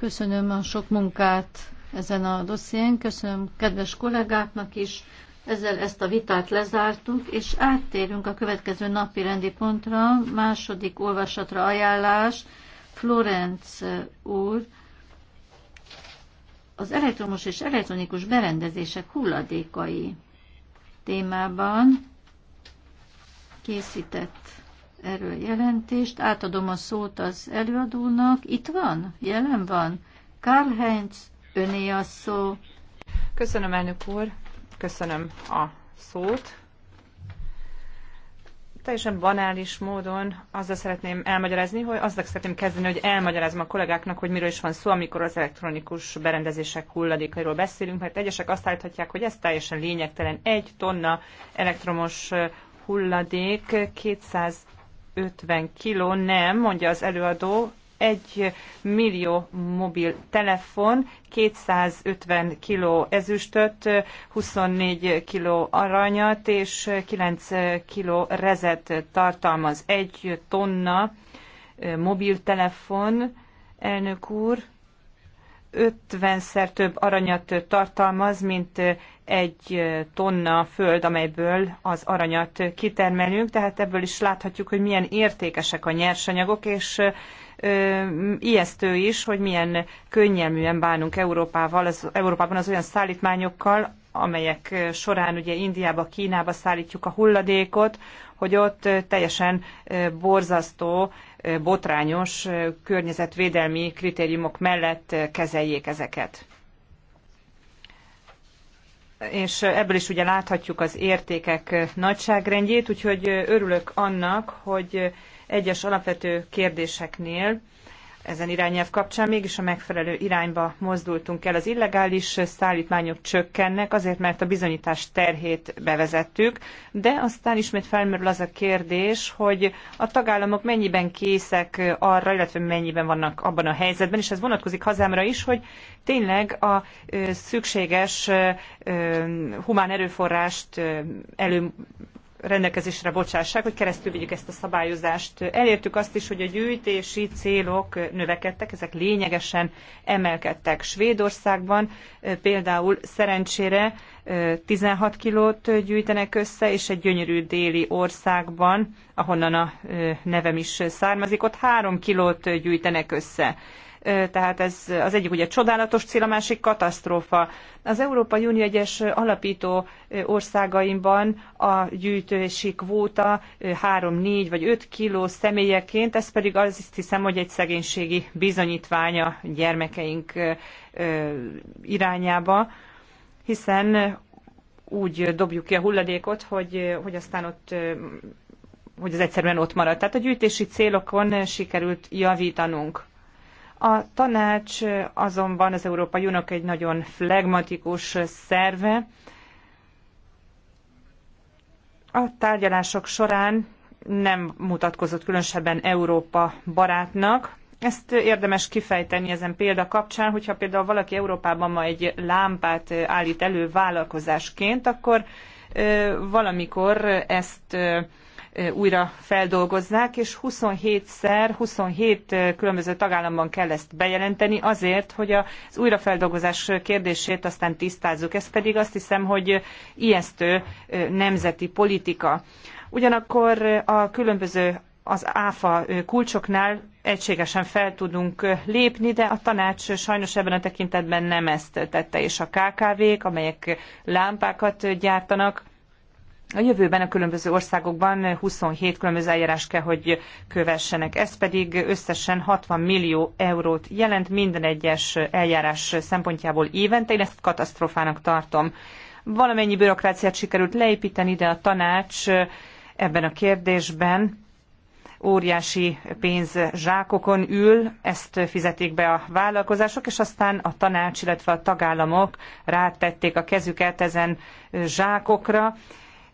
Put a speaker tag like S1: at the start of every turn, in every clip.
S1: Köszönöm a sok munkát ezen a dosszién, köszönöm kedves kollégáknak is. Ezzel ezt a vitát lezártuk, és áttérünk a következő napi rendi pontra, második olvasatra ajánlás. Florenc úr, az elektromos és elektronikus berendezések hulladékai témában készített erről jelentést. Átadom a szót az előadónak. Itt van? Jelen van? Karl Heinz, öné a szó. Köszönöm, elnök úr.
S2: Köszönöm a szót. Teljesen banális módon azzal szeretném elmagyarázni, hogy azzal szeretném kezdeni, hogy elmagyarázom a kollégáknak, hogy miről is van szó, amikor az elektronikus berendezések hulladékairól beszélünk, mert egyesek azt állíthatják, hogy ez teljesen lényegtelen. Egy tonna elektromos hulladék 200 50 kiló, nem, mondja az előadó, 1 millió mobil telefon, 250 kiló ezüstöt, 24 kiló aranyat és 9 kiló rezet tartalmaz. 1 tonna mobiltelefon, elnök úr, 50-szer több aranyat tartalmaz, mint egy tonna föld, amelyből az aranyat kitermelünk, tehát ebből is láthatjuk, hogy milyen értékesek a nyersanyagok, és ijesztő is, hogy milyen könnyelműen bánunk Európával, az, Európában az olyan szállítmányokkal, amelyek során ugye Indiába, Kínába szállítjuk a hulladékot, hogy ott teljesen borzasztó, botrányos környezetvédelmi kritériumok mellett kezeljék ezeket és ebből is ugye láthatjuk az értékek nagyságrendjét, úgyhogy örülök annak, hogy egyes alapvető kérdéseknél ezen irányelv kapcsán mégis a megfelelő irányba mozdultunk el. Az illegális szállítmányok csökkennek, azért mert a bizonyítás terhét bevezettük, de aztán ismét felmerül az a kérdés, hogy a tagállamok mennyiben készek arra, illetve mennyiben vannak abban a helyzetben, és ez vonatkozik hazámra is, hogy tényleg a szükséges humán erőforrást elő rendelkezésre bocsássák, hogy keresztül vigyük ezt a szabályozást. Elértük azt is, hogy a gyűjtési célok növekedtek, ezek lényegesen emelkedtek. Svédországban eh, például szerencsére 16 eh, kilót gyűjtenek össze, és egy gyönyörű déli országban, ahonnan a eh, nevem is származik, ott 3 kilót gyűjtenek össze tehát ez az egyik ugye csodálatos cél, a másik katasztrófa. Az Európai Unió egyes alapító országaimban a gyűjtési kvóta 3-4 vagy 5 kiló személyeként, ez pedig azt hiszem, hogy egy szegénységi bizonyítványa gyermekeink irányába, hiszen úgy dobjuk ki a hulladékot, hogy, hogy aztán ott hogy az egyszerűen ott marad. Tehát a gyűjtési célokon sikerült javítanunk. A tanács azonban az Európai Unok egy nagyon flegmatikus szerve. A tárgyalások során nem mutatkozott különösebben Európa barátnak. Ezt érdemes kifejteni ezen példa kapcsán, hogyha például valaki Európában ma egy lámpát állít elő vállalkozásként, akkor valamikor ezt újra feldolgozzák és 27-szer, 27 különböző tagállamban kell ezt bejelenteni azért, hogy az újrafeldolgozás kérdését aztán tisztázzuk. Ez pedig azt hiszem, hogy ijesztő nemzeti politika. Ugyanakkor a különböző az áfa kulcsoknál egységesen fel tudunk lépni, de a tanács sajnos ebben a tekintetben nem ezt tette, és a KKV-k, amelyek lámpákat gyártanak, a jövőben a különböző országokban 27 különböző eljárás kell, hogy kövessenek. Ez pedig összesen 60 millió eurót jelent minden egyes eljárás szempontjából évente. Én ezt katasztrofának tartom. Valamennyi bürokráciát sikerült leépíteni, de a tanács ebben a kérdésben óriási pénz zsákokon ül, ezt fizetik be a vállalkozások, és aztán a tanács, illetve a tagállamok rátették a kezüket ezen zsákokra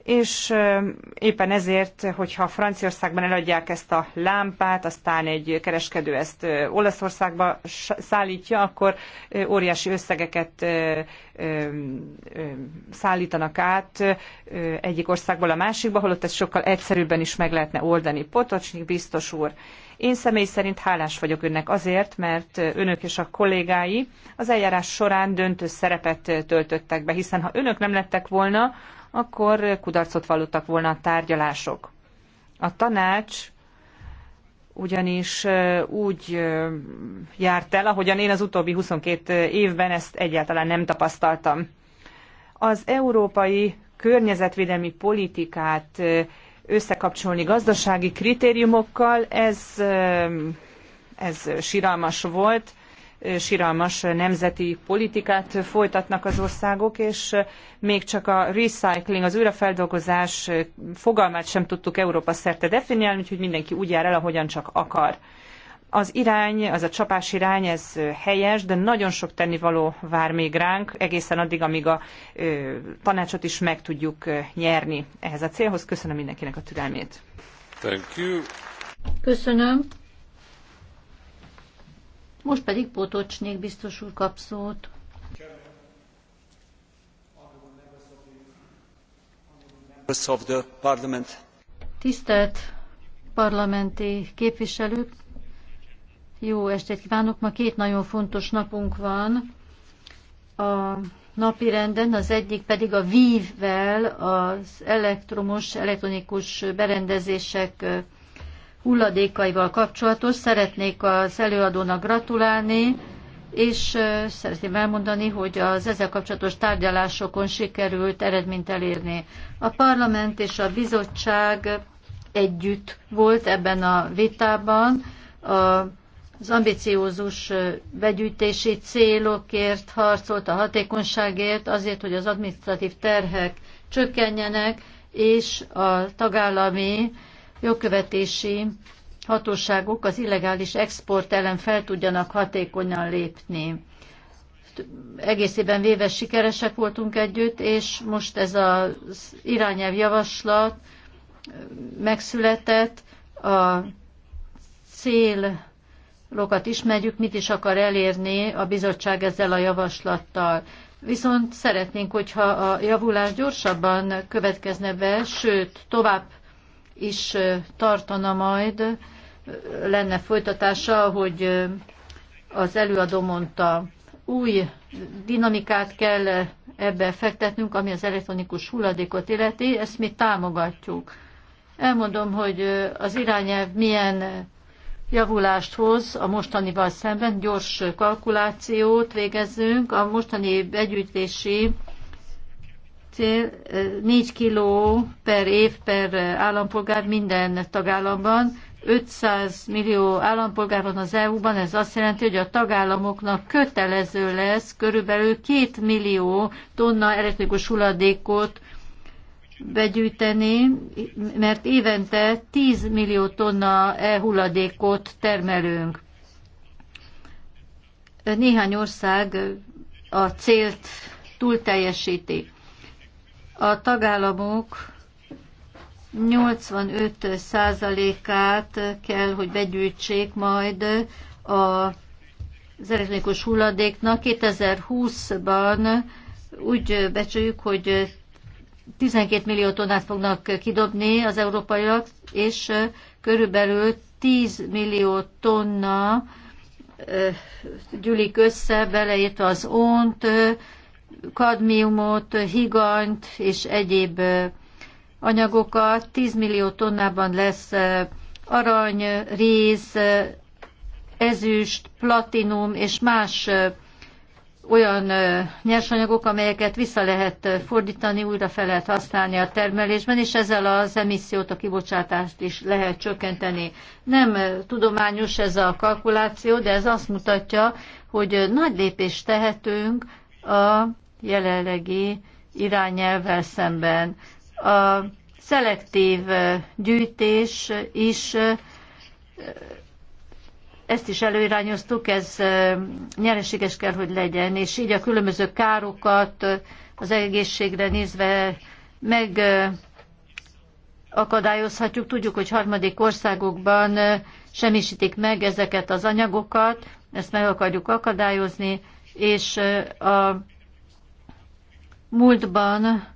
S2: és éppen ezért, hogyha Franciaországban eladják ezt a lámpát, aztán egy kereskedő ezt Olaszországba szállítja, akkor óriási összegeket szállítanak át egyik országból a másikba, holott ezt sokkal egyszerűbben is meg lehetne oldani. Potocsnik biztos úr, én személy szerint hálás vagyok önnek azért, mert önök és a kollégái az eljárás során döntő szerepet töltöttek be, hiszen ha önök nem lettek volna, akkor kudarcot vallottak volna a tárgyalások. A tanács ugyanis úgy járt el, ahogyan én az utóbbi 22 évben ezt egyáltalán nem tapasztaltam. Az európai környezetvédelmi politikát összekapcsolni gazdasági kritériumokkal, ez, eh, ez síralmas volt, eh, síralmas nemzeti politikát folytatnak az országok, és eh, még csak a recycling, az újrafeldolgozás fogalmát sem tudtuk Európa szerte definiálni, úgyhogy mindenki úgy jár el, ahogyan csak akar. Az irány, az a csapás irány, ez helyes, de nagyon sok tennivaló vár még ránk, egészen addig, amíg a ö, tanácsot is meg tudjuk nyerni ehhez a célhoz. Köszönöm mindenkinek a türelmét.
S3: Thank you.
S2: Köszönöm. Most pedig
S1: Potocsnék biztos úr kap szót. Tisztelt parlamenti képviselők! Jó estét kívánok! Ma két nagyon fontos napunk van a napi renden, az egyik pedig a vívvel, az elektromos, elektronikus berendezések hulladékaival kapcsolatos. Szeretnék az előadónak gratulálni, és szeretném elmondani, hogy az ezzel kapcsolatos tárgyalásokon sikerült eredményt elérni. A parlament és a bizottság együtt volt ebben a vitában. A az ambiciózus begyűjtési célokért harcolt, a hatékonyságért, azért, hogy az administratív terhek csökkenjenek, és a tagállami jogkövetési hatóságok az illegális export ellen fel tudjanak hatékonyan lépni. Egészében véve sikeresek voltunk együtt, és most ez az irányelv javaslat megszületett. A cél lokat ismerjük, mit is akar elérni a bizottság ezzel a javaslattal. Viszont szeretnénk, hogyha a javulás gyorsabban következne be, sőt, tovább is tartana majd, lenne folytatása, ahogy az előadó mondta, új dinamikát kell ebbe fektetnünk, ami az elektronikus hulladékot illeti, ezt mi támogatjuk. Elmondom, hogy az irányelv milyen javulást hoz a mostanival szemben, gyors kalkulációt végezzünk. A mostani begyűjtési cél 4 kg per év per állampolgár minden tagállamban. 500 millió állampolgár van az EU-ban, ez azt jelenti, hogy a tagállamoknak kötelező lesz körülbelül 2 millió tonna elektrikus hulladékot begyűjteni, mert évente 10 millió tonna e-hulladékot termelünk. Néhány ország a célt túlteljesíti. A tagállamok 85%-át kell, hogy begyűjtsék majd a az elektronikus hulladéknak. 2020-ban úgy becsüljük, hogy 12 millió tonnát fognak kidobni az európaiak, és körülbelül 10 millió tonna gyűlik össze, beleértve az ont, kadmiumot, higanyt és egyéb anyagokat. 10 millió tonnában lesz arany, réz, ezüst, platinum és más olyan nyersanyagok, amelyeket vissza lehet fordítani, újra fel lehet használni a termelésben, és ezzel az emissziót, a kibocsátást is lehet csökkenteni. Nem tudományos ez a kalkuláció, de ez azt mutatja, hogy nagy lépést tehetünk a jelenlegi irányelvvel szemben. A szelektív gyűjtés is ezt is előirányoztuk, ez nyereséges kell, hogy legyen, és így a különböző károkat az egészségre nézve meg akadályozhatjuk. Tudjuk, hogy harmadik országokban semmisítik meg ezeket az anyagokat, ezt meg akarjuk akadályozni, és a múltban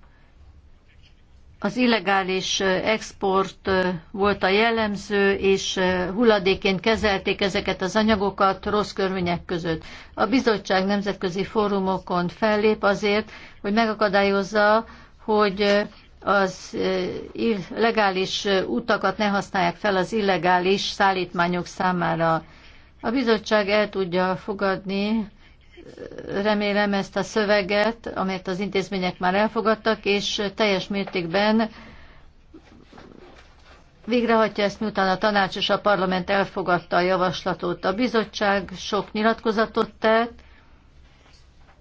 S1: az illegális export volt a jellemző, és hulladéként kezelték ezeket az anyagokat rossz körülmények között. A bizottság nemzetközi fórumokon fellép azért, hogy megakadályozza, hogy az legális utakat ne használják fel az illegális szállítmányok számára. A bizottság el tudja fogadni remélem ezt a szöveget, amelyet az intézmények már elfogadtak, és teljes mértékben végrehajtja ezt, miután a tanács és a parlament elfogadta a javaslatot. A bizottság sok nyilatkozatot tett,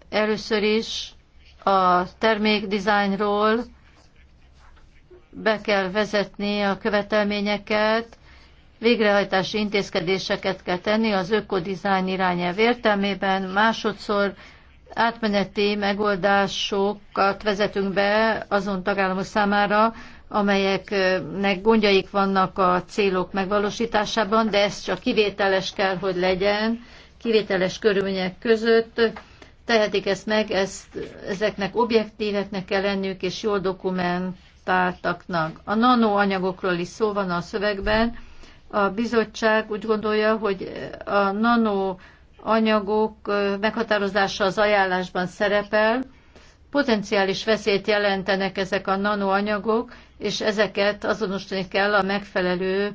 S1: először is a termékdizájnról be kell vezetni a követelményeket, végrehajtási intézkedéseket kell tenni az ökodizájn irányelv értelmében. Másodszor átmeneti megoldásokat vezetünk be azon tagállamok számára, amelyeknek gondjaik vannak a célok megvalósításában, de ez csak kivételes kell, hogy legyen, kivételes körülmények között. Tehetik ezt meg, ezt, ezeknek objektíveknek kell lennük, és jól dokumentáltaknak. A nanoanyagokról is szó van a szövegben, a bizottság úgy gondolja, hogy a nano anyagok meghatározása az ajánlásban szerepel. Potenciális veszélyt jelentenek ezek a nanoanyagok, és ezeket azonosítani kell a megfelelő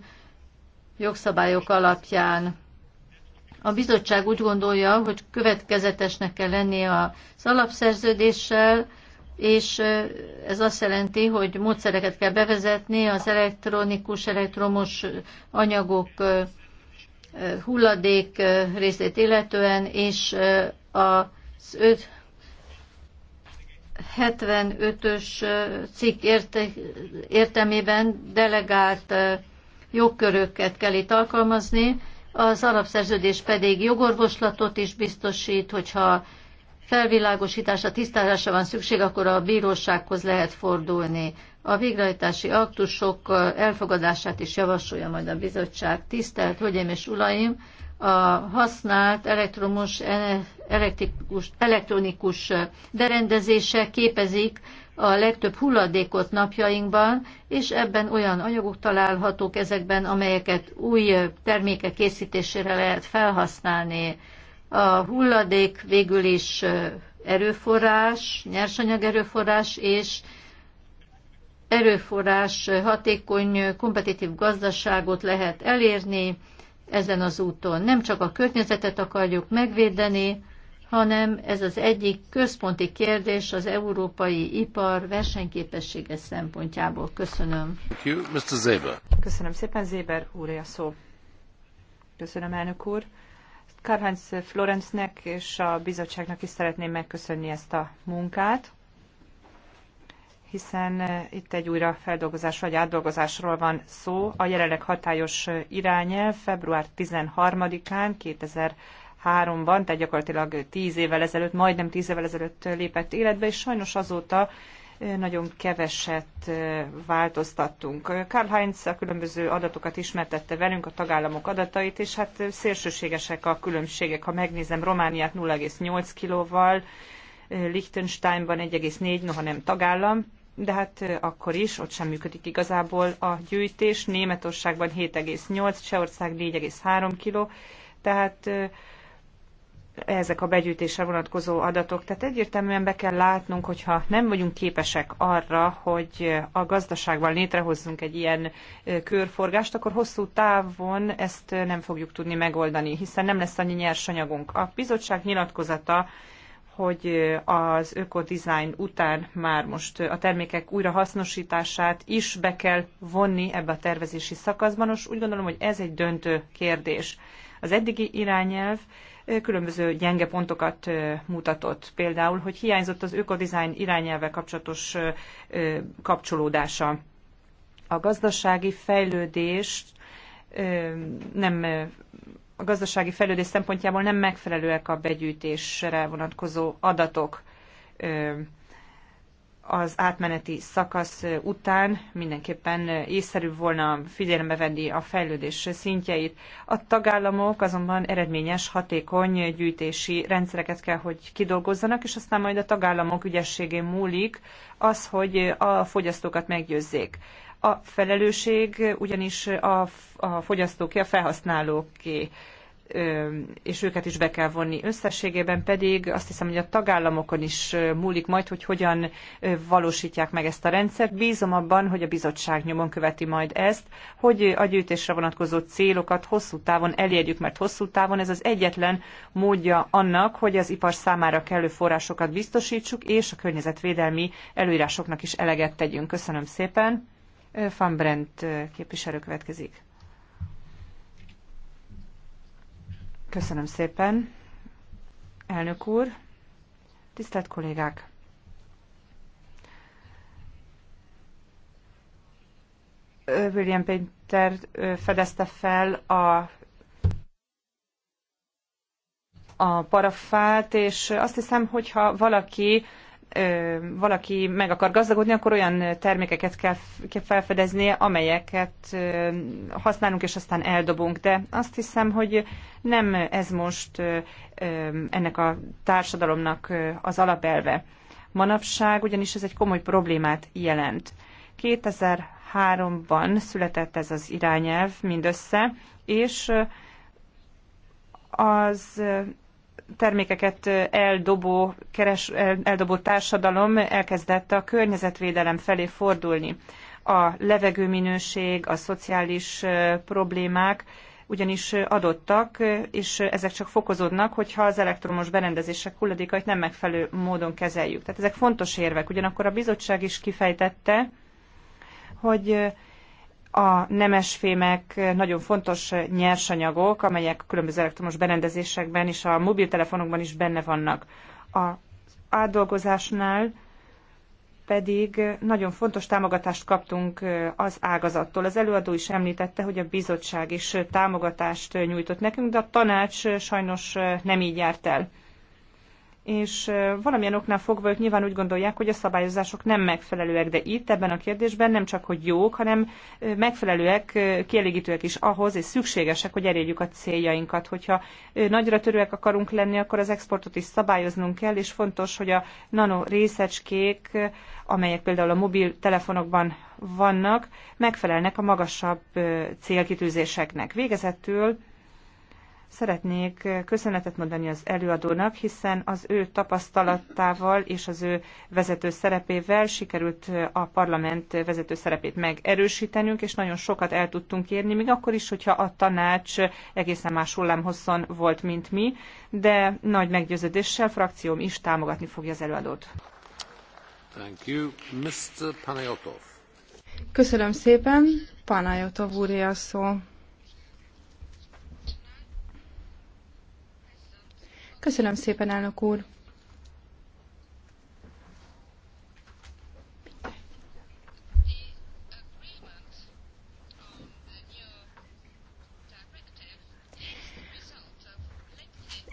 S1: jogszabályok alapján. A bizottság úgy gondolja, hogy következetesnek kell lennie az alapszerződéssel, és ez azt jelenti, hogy módszereket kell bevezetni az elektronikus, elektromos anyagok hulladék részét illetően, és az 75-ös cikk értelmében delegált jogköröket kell itt alkalmazni, az alapszerződés pedig jogorvoslatot is biztosít, hogyha felvilágosításra, tisztázása van szükség, akkor a bírósághoz lehet fordulni. A végrehajtási aktusok elfogadását is javasolja majd a bizottság. Tisztelt Hölgyeim és Ulaim, a használt elektromos, elektrikus, elektronikus berendezése képezik a legtöbb hulladékot napjainkban, és ebben olyan anyagok találhatók ezekben, amelyeket új termékek készítésére lehet felhasználni a hulladék végül is erőforrás, nyersanyag erőforrás, és erőforrás, hatékony, kompetitív gazdaságot lehet elérni ezen az úton. Nem csak a környezetet akarjuk megvédeni, hanem ez az egyik központi kérdés az európai ipar
S2: versenyképessége szempontjából. Köszönöm. Köszönöm szépen, Zéber úr, a szó. Köszönöm, elnök úr. Karhánc Florencnek és a bizottságnak is szeretném megköszönni ezt a munkát, hiszen eh, itt egy újra feldolgozás vagy átdolgozásról van szó. A jelenleg hatályos eh, irányelv február 13-án 2003-ban, tehát gyakorlatilag 10 évvel ezelőtt, majdnem 10 évvel ezelőtt eh, lépett életbe, és sajnos azóta nagyon keveset változtattunk. Karl Heinz a különböző adatokat ismertette velünk, a tagállamok adatait, és hát szélsőségesek a különbségek. Ha megnézem Romániát 0,8 kilóval, Liechtensteinban 1,4, noha nem tagállam, de hát akkor is, ott sem működik igazából a gyűjtés. Németországban 7,8, Csehország 4,3 kiló, tehát ezek a begyűjtésre vonatkozó adatok. Tehát egyértelműen be kell látnunk, hogyha nem vagyunk képesek arra, hogy a gazdaságban létrehozzunk egy ilyen körforgást, akkor hosszú távon ezt nem fogjuk tudni megoldani, hiszen nem lesz annyi nyersanyagunk. A bizottság nyilatkozata hogy az ökodizájn után már most a termékek újrahasznosítását is be kell vonni ebbe a tervezési szakaszban. és úgy gondolom, hogy ez egy döntő kérdés. Az eddigi irányelv különböző gyenge pontokat mutatott. Például, hogy hiányzott az ökodizájn irányelve kapcsolatos kapcsolódása. A gazdasági fejlődést nem a gazdasági fejlődés szempontjából nem megfelelőek a begyűjtésre vonatkozó adatok az átmeneti szakasz után mindenképpen észszerű volna figyelembe venni a fejlődés szintjeit. A tagállamok azonban eredményes, hatékony gyűjtési rendszereket kell, hogy kidolgozzanak, és aztán majd a tagállamok ügyességén múlik az, hogy a fogyasztókat meggyőzzék. A felelősség ugyanis a, a fogyasztóké, a felhasználóké és őket is be kell vonni. Összességében pedig azt hiszem, hogy a tagállamokon is múlik majd, hogy hogyan valósítják meg ezt a rendszert. Bízom abban, hogy a bizottság nyomon követi majd ezt, hogy a gyűjtésre vonatkozó célokat hosszú távon elérjük, mert hosszú távon ez az egyetlen módja annak, hogy az ipar számára kellő forrásokat biztosítsuk, és a környezetvédelmi előírásoknak is eleget tegyünk. Köszönöm szépen. Van Brent képviselő következik. Köszönöm szépen, elnök úr, tisztelt kollégák! William Painter fedezte fel a a parafát, és azt hiszem, hogyha valaki valaki meg akar gazdagodni, akkor olyan termékeket kell felfedeznie, amelyeket használunk és aztán eldobunk. De azt hiszem, hogy nem ez most ennek a társadalomnak az alapelve. Manapság ugyanis ez egy komoly problémát jelent. 2003-ban született ez az irányelv mindössze, és az termékeket eldobó, keres, eldobó társadalom elkezdett a környezetvédelem felé fordulni. A levegőminőség, a szociális problémák ugyanis adottak, és ezek csak fokozódnak, hogyha az elektromos berendezések hulladékait nem megfelelő módon kezeljük. Tehát ezek fontos érvek. Ugyanakkor a bizottság is kifejtette, hogy a nemesfémek nagyon fontos nyersanyagok, amelyek különböző elektromos berendezésekben és a mobiltelefonokban is benne vannak. A átdolgozásnál pedig nagyon fontos támogatást kaptunk az ágazattól. Az előadó is említette, hogy a bizottság is támogatást nyújtott nekünk, de a tanács sajnos nem így járt el és valamilyen oknál fogva ők nyilván úgy gondolják, hogy a szabályozások nem megfelelőek, de itt ebben a kérdésben nem csak, hogy jók, hanem megfelelőek, kielégítőek is ahhoz, és szükségesek, hogy elérjük a céljainkat. Hogyha nagyra törőek akarunk lenni, akkor az exportot is szabályoznunk kell, és fontos, hogy a nano részecskék, amelyek például a mobiltelefonokban vannak, megfelelnek a magasabb célkitűzéseknek. Végezetül Szeretnék köszönetet mondani az előadónak, hiszen az ő tapasztalatával és az ő vezető szerepével sikerült a parlament vezető szerepét megerősítenünk, és nagyon sokat el tudtunk érni, még akkor is, hogyha a tanács egészen más hullámhosszon volt, mint mi, de nagy meggyőződéssel frakcióm is támogatni fogja az előadót. Thank you. Mr. Köszönöm szépen, Panayotov úr a szó.
S4: Köszönöm szépen, elnök úr!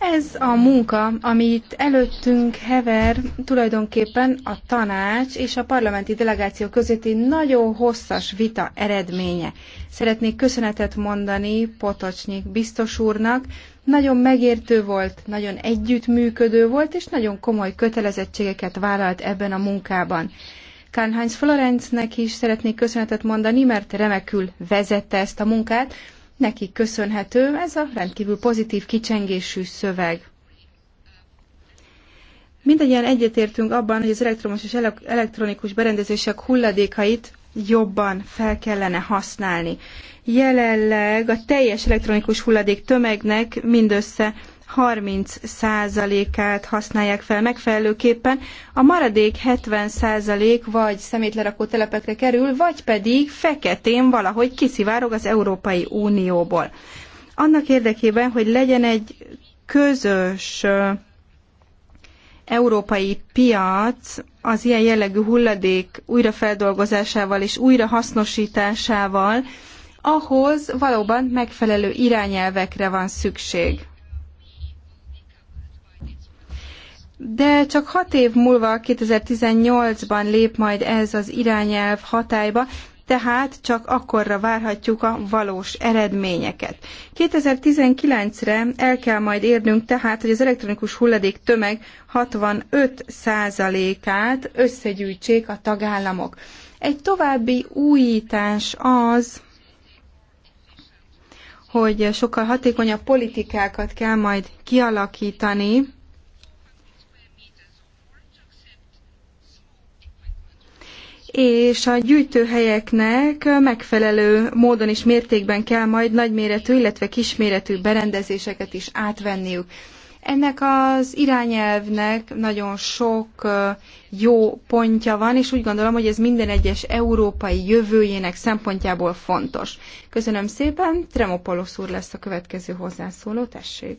S4: Ez a munka, amit előttünk hever, tulajdonképpen a tanács és a parlamenti delegáció közötti nagyon hosszas vita eredménye. Szeretnék köszönetet mondani Potocsnyik biztos úrnak, nagyon megértő volt, nagyon együttműködő volt, és nagyon komoly kötelezettségeket vállalt ebben a munkában. Karl-Heinz Florencnek is szeretnék köszönetet mondani, mert remekül vezette ezt a munkát, Neki köszönhető ez a rendkívül pozitív kicsengésű szöveg. Mindegyen egyetértünk abban, hogy az elektromos és elektronikus berendezések hulladékait jobban fel kellene használni. Jelenleg a teljes elektronikus hulladék tömegnek mindössze 30%-át használják fel megfelelőképpen, a maradék 70% vagy szemétlerakó telepekre kerül, vagy pedig feketén valahogy kiszivárog az Európai Unióból. Annak érdekében, hogy legyen egy közös európai piac az ilyen jellegű hulladék újrafeldolgozásával és újrahasznosításával, ahhoz valóban megfelelő irányelvekre van szükség. de csak hat év múlva, 2018-ban lép majd ez az irányelv hatályba, tehát csak akkorra várhatjuk a valós eredményeket. 2019-re el kell majd érnünk tehát, hogy az elektronikus hulladék tömeg 65%-át összegyűjtsék a tagállamok. Egy további újítás az, hogy sokkal hatékonyabb politikákat kell majd kialakítani, és a gyűjtőhelyeknek megfelelő módon és mértékben kell majd nagyméretű, illetve kisméretű berendezéseket is átvenniük. Ennek az irányelvnek nagyon sok jó pontja van, és úgy gondolom, hogy ez minden egyes európai jövőjének szempontjából fontos. Köszönöm szépen, Tremopolosz úr lesz a következő hozzászóló, tessék!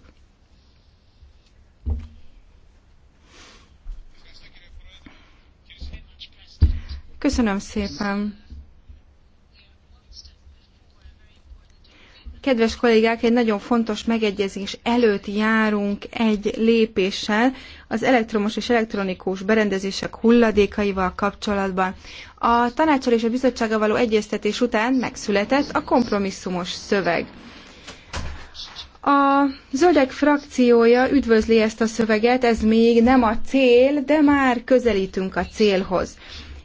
S4: Köszönöm szépen! Kedves kollégák, egy nagyon fontos megegyezés előtt járunk egy lépéssel az elektromos és elektronikus berendezések hulladékaival kapcsolatban. A tanácsal és a bizottsággal való egyeztetés után megszületett a kompromisszumos szöveg. A zöldek frakciója üdvözli ezt a szöveget, ez még nem a cél, de már közelítünk a célhoz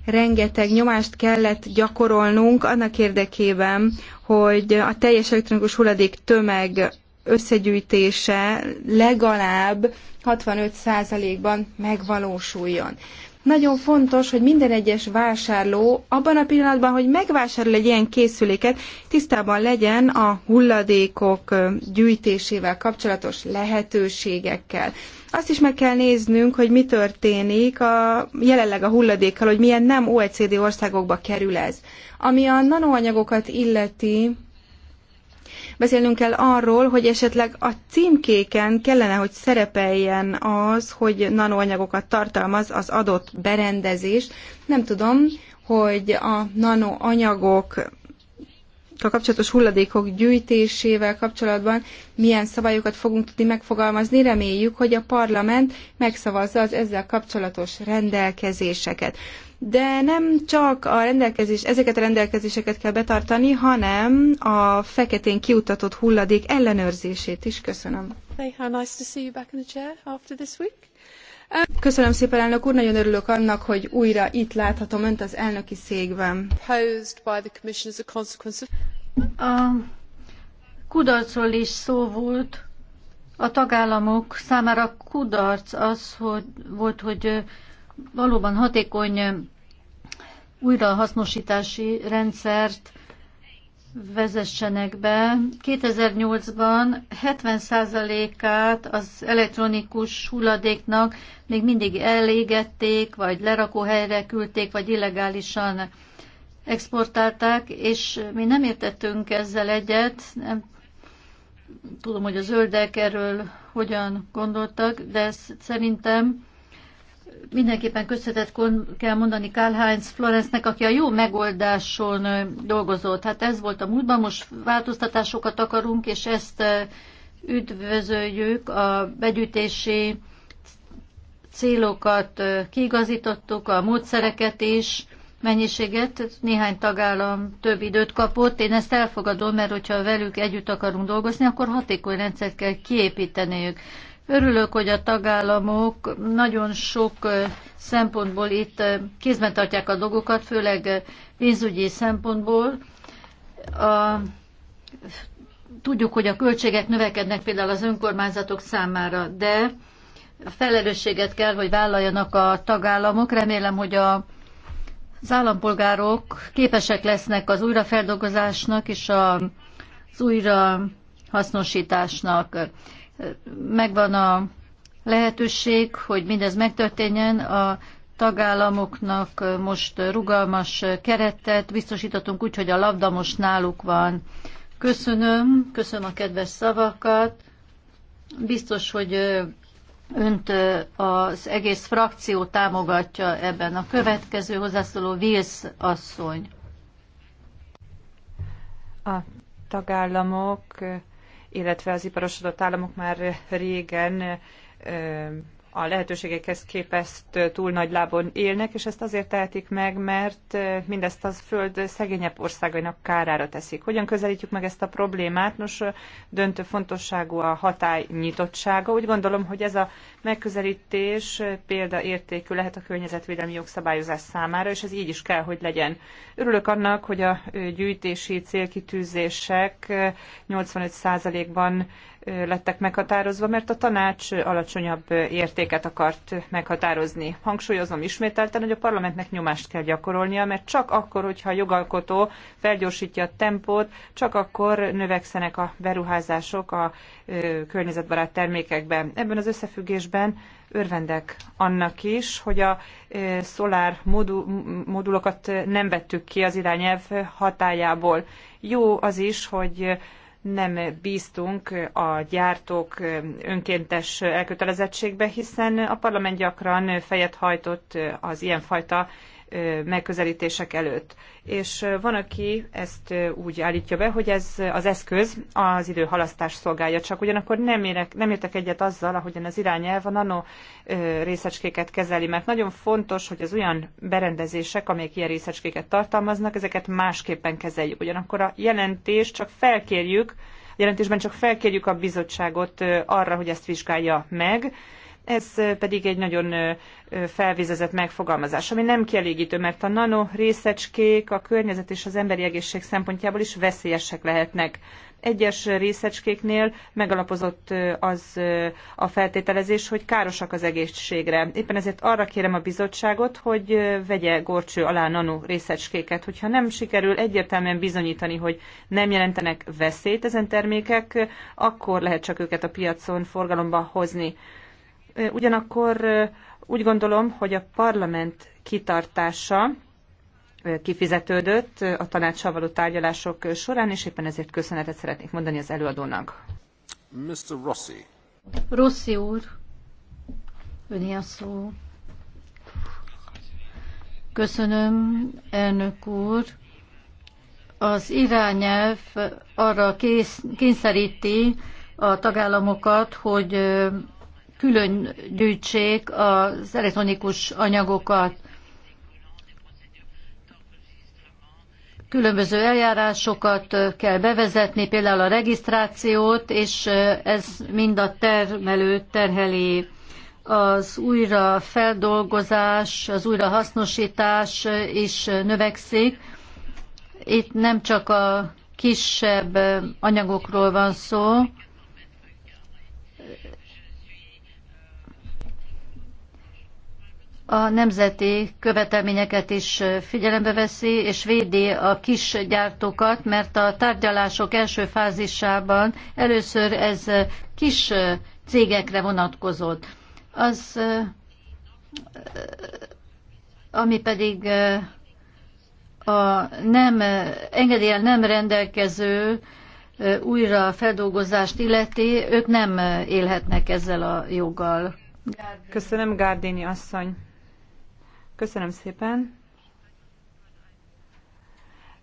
S4: rengeteg nyomást kellett gyakorolnunk annak érdekében, hogy a teljes elektronikus hulladék tömeg összegyűjtése legalább 65%-ban megvalósuljon. Nagyon fontos, hogy minden egyes vásárló abban a pillanatban, hogy megvásárol egy ilyen készüléket, tisztában legyen a hulladékok gyűjtésével kapcsolatos lehetőségekkel. Azt is meg kell néznünk, hogy mi történik a, jelenleg a hulladékkal, hogy milyen nem OECD országokba kerül ez. Ami a nanoanyagokat illeti, Beszélnünk kell arról, hogy esetleg a címkéken kellene, hogy szerepeljen az, hogy nanoanyagokat tartalmaz az adott berendezés. Nem tudom, hogy a nanoanyagok a kapcsolatos hulladékok gyűjtésével kapcsolatban milyen szabályokat fogunk tudni megfogalmazni. Reméljük, hogy a parlament megszavazza az ezzel kapcsolatos rendelkezéseket de nem csak a rendelkezés, ezeket a rendelkezéseket kell betartani, hanem a feketén kiutatott hulladék ellenőrzését is. Köszönöm. Köszönöm szépen, elnök úr, nagyon örülök annak, hogy újra itt láthatom önt az
S1: elnöki székben. A kudarcról is szó volt. A tagállamok számára kudarc az, hogy volt, hogy valóban hatékony újrahasznosítási rendszert vezessenek be. 2008-ban 70%-át az elektronikus hulladéknak még mindig elégették, vagy lerakóhelyre küldték, vagy illegálisan exportálták, és mi nem értettünk ezzel egyet, nem tudom, hogy a zöldek erről hogyan gondoltak, de szerintem mindenképpen köszönetet kell mondani Karl Heinz Florencnek, aki a jó megoldáson dolgozott. Hát ez volt a múltban, most változtatásokat akarunk, és ezt üdvözöljük. A begyűjtési célokat kiigazítottuk, a módszereket is, mennyiséget, néhány tagállam több időt kapott. Én ezt elfogadom, mert hogyha velük együtt akarunk dolgozni, akkor hatékony rendszert kell kiépíteniük. Örülök, hogy a tagállamok nagyon sok szempontból itt kézben tartják a dolgokat, főleg pénzügyi szempontból. A, tudjuk, hogy a költségek növekednek például az önkormányzatok számára, de felelősséget kell, hogy vállaljanak a tagállamok. Remélem, hogy a, az állampolgárok képesek lesznek az újrafeldolgozásnak és a, az újra hasznosításnak megvan a lehetőség, hogy mindez megtörténjen. A tagállamoknak most rugalmas keretet biztosítottunk úgy, hogy a labda most náluk van. Köszönöm, köszönöm a kedves szavakat. Biztos, hogy önt az egész frakció támogatja ebben. A következő hozzászóló
S2: Wills asszony. A tagállamok illetve az iparosodott államok már régen a lehetőségekhez képest túl nagy lábon élnek, és ezt azért tehetik meg, mert mindezt a föld szegényebb országainak kárára teszik. Hogyan közelítjük meg ezt a problémát? Nos, döntő fontosságú a hatály nyitottsága. Úgy gondolom, hogy ez a megközelítés példaértékű lehet a környezetvédelmi jogszabályozás számára, és ez így is kell, hogy legyen. Örülök annak, hogy a gyűjtési célkitűzések 85%-ban lettek meghatározva, mert a tanács alacsonyabb értéket akart meghatározni. Hangsúlyozom ismételten, hogy a parlamentnek nyomást kell gyakorolnia, mert csak akkor, hogyha a jogalkotó felgyorsítja a tempót, csak akkor növekszenek a beruházások a környezetbarát termékekben. Ebben az összefüggésben örvendek annak is, hogy a szolár modulokat nem vettük ki az irányelv hatájából. Jó az is, hogy nem bíztunk a gyártók önkéntes elkötelezettségbe, hiszen a parlament gyakran fejet hajtott az ilyenfajta megközelítések előtt. És van, aki ezt úgy állítja be, hogy ez az eszköz az időhalasztás szolgálja, csak ugyanakkor nem, érek, nem értek egyet azzal, ahogyan az irányelv a nano részecskéket kezeli, mert nagyon fontos, hogy az olyan berendezések, amelyek ilyen részecskéket tartalmaznak, ezeket másképpen kezeljük. Ugyanakkor a jelentést csak felkérjük, jelentésben csak felkérjük a bizottságot arra, hogy ezt vizsgálja meg, ez pedig egy nagyon felvizezett megfogalmazás, ami nem kielégítő, mert a nano részecskék a környezet és az emberi egészség szempontjából is veszélyesek lehetnek. Egyes részecskéknél megalapozott az a feltételezés, hogy károsak az egészségre. Éppen ezért arra kérem a bizottságot, hogy vegye gorcső alá nano részecskéket. Hogyha nem sikerül egyértelműen bizonyítani, hogy nem jelentenek veszélyt ezen termékek, akkor lehet csak őket a piacon forgalomba hozni Ugyanakkor úgy gondolom, hogy a parlament kitartása kifizetődött a tanácssal való tárgyalások során, és éppen ezért köszönetet szeretnék mondani az előadónak.
S5: Mr. Rossi.
S2: Rossi úr,
S1: öné a szó. Köszönöm, elnök úr. Az irányelv arra kész, kényszeríti a tagállamokat, hogy külön gyűjtsék az elektronikus anyagokat. Különböző eljárásokat kell bevezetni, például a regisztrációt, és ez mind a termelőt terheli az újrafeldolgozás, az újrahasznosítás is növekszik. Itt nem csak a kisebb anyagokról van szó, a nemzeti követelményeket is figyelembe veszi, és védi a kis gyártókat, mert a tárgyalások első fázisában először ez kis cégekre vonatkozott. Az, ami pedig a nem, engedélyen nem rendelkező újra feldolgozást illeti, ők nem élhetnek ezzel a joggal.
S2: Köszönöm, Gárdéni asszony. Köszönöm szépen.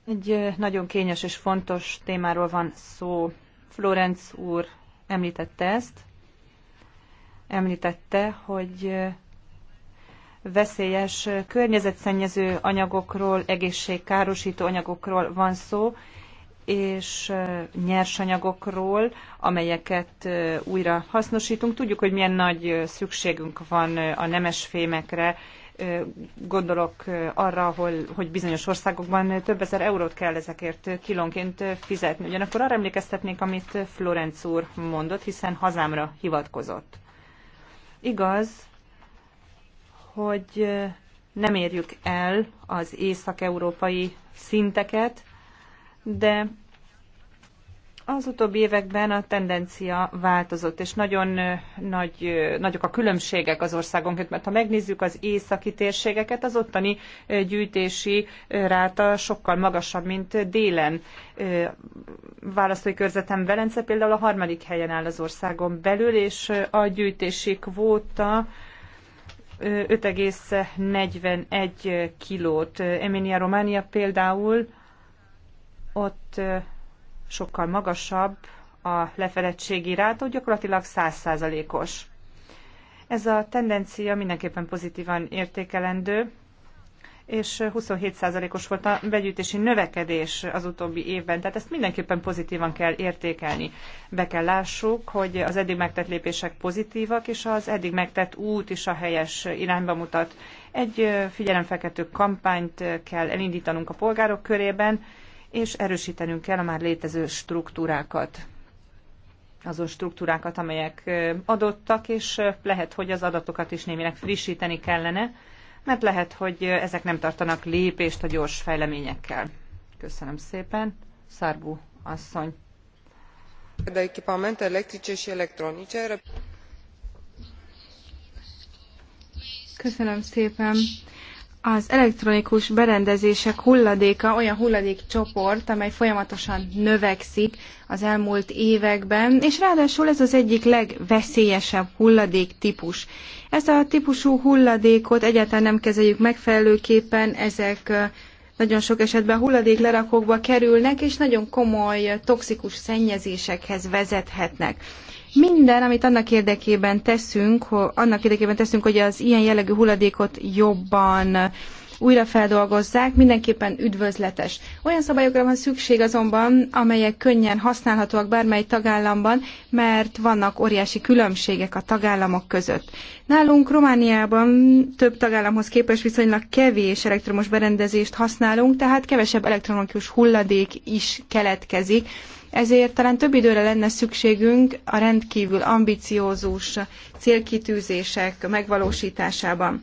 S2: Egy nagyon kényes és fontos témáról van szó. Florenc úr említette ezt. Említette, hogy veszélyes környezetszennyező anyagokról, egészségkárosító anyagokról van szó, és nyersanyagokról, amelyeket újra hasznosítunk. Tudjuk, hogy milyen nagy szükségünk van a nemesfémekre gondolok arra, hogy, hogy bizonyos országokban több ezer eurót kell ezekért kilónként fizetni. Ugyanakkor arra emlékeztetnék, amit Florenc úr mondott, hiszen hazámra hivatkozott. Igaz, hogy nem érjük el az észak-európai szinteket, de az utóbbi években a tendencia változott, és nagyon nagy, nagyok a különbségek az országonként, mert ha megnézzük az északi térségeket, az ottani gyűjtési ráta sokkal magasabb, mint délen. Választói körzetem Velence például a harmadik helyen áll az országon belül, és a gyűjtési kvóta 5,41 kilót. Emilia Románia például ott sokkal magasabb a lefeledtségi ráta, gyakorlatilag 100%-os. Ez a tendencia mindenképpen pozitívan értékelendő, és 27%-os volt a begyűjtési növekedés az utóbbi évben, tehát ezt mindenképpen pozitívan kell értékelni. Be kell lássuk, hogy az eddig megtett lépések pozitívak, és az eddig megtett út is a helyes irányba mutat. Egy figyelemfekető kampányt kell elindítanunk a polgárok körében, és erősítenünk kell a már létező struktúrákat azon struktúrákat, amelyek adottak, és lehet, hogy az adatokat is némileg frissíteni kellene, mert lehet, hogy ezek nem tartanak lépést a gyors fejleményekkel. Köszönöm szépen. Szarbu asszony. De echipamente elektrice és elektronice.
S4: Köszönöm szépen. Az elektronikus berendezések hulladéka olyan hulladékcsoport, amely folyamatosan növekszik az elmúlt években, és ráadásul ez az egyik legveszélyesebb hulladéktípus. Ezt a típusú hulladékot egyáltalán nem kezeljük megfelelőképpen, ezek nagyon sok esetben hulladéklerakókba kerülnek, és nagyon komoly toxikus szennyezésekhez vezethetnek. Minden, amit annak érdekében teszünk, annak érdekében teszünk, hogy az ilyen jellegű hulladékot jobban újrafeldolgozzák, mindenképpen üdvözletes. Olyan szabályokra van szükség azonban, amelyek könnyen használhatóak bármely tagállamban, mert vannak óriási különbségek a tagállamok között. Nálunk Romániában több tagállamhoz képest viszonylag kevés elektromos berendezést használunk, tehát kevesebb elektronikus hulladék is keletkezik, ezért talán több időre lenne szükségünk a rendkívül ambiciózus célkitűzések megvalósításában.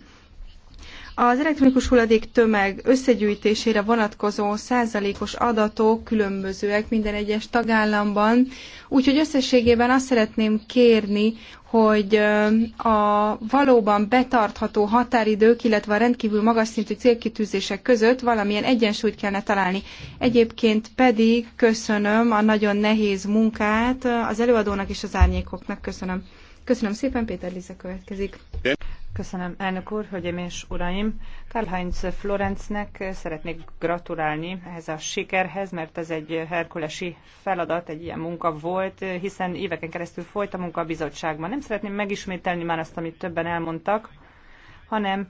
S4: Az elektronikus hulladék tömeg összegyűjtésére vonatkozó százalékos adatok különbözőek minden egyes tagállamban, úgyhogy összességében azt szeretném kérni, hogy a valóban betartható határidők, illetve a rendkívül magas szintű célkitűzések között valamilyen egyensúlyt kellene találni. Egyébként pedig köszönöm a nagyon nehéz munkát az előadónak és az árnyékoknak. Köszönöm. Köszönöm szépen, Péter Liza következik.
S2: Köszönöm, elnök úr, hölgyeim és uraim! Karl-Heinz Florencnek szeretnék gratulálni ehhez a sikerhez, mert ez egy herkulesi feladat, egy ilyen munka volt, hiszen éveken keresztül folyt a munka a bizottságban. Nem szeretném megismételni már azt, amit többen elmondtak, hanem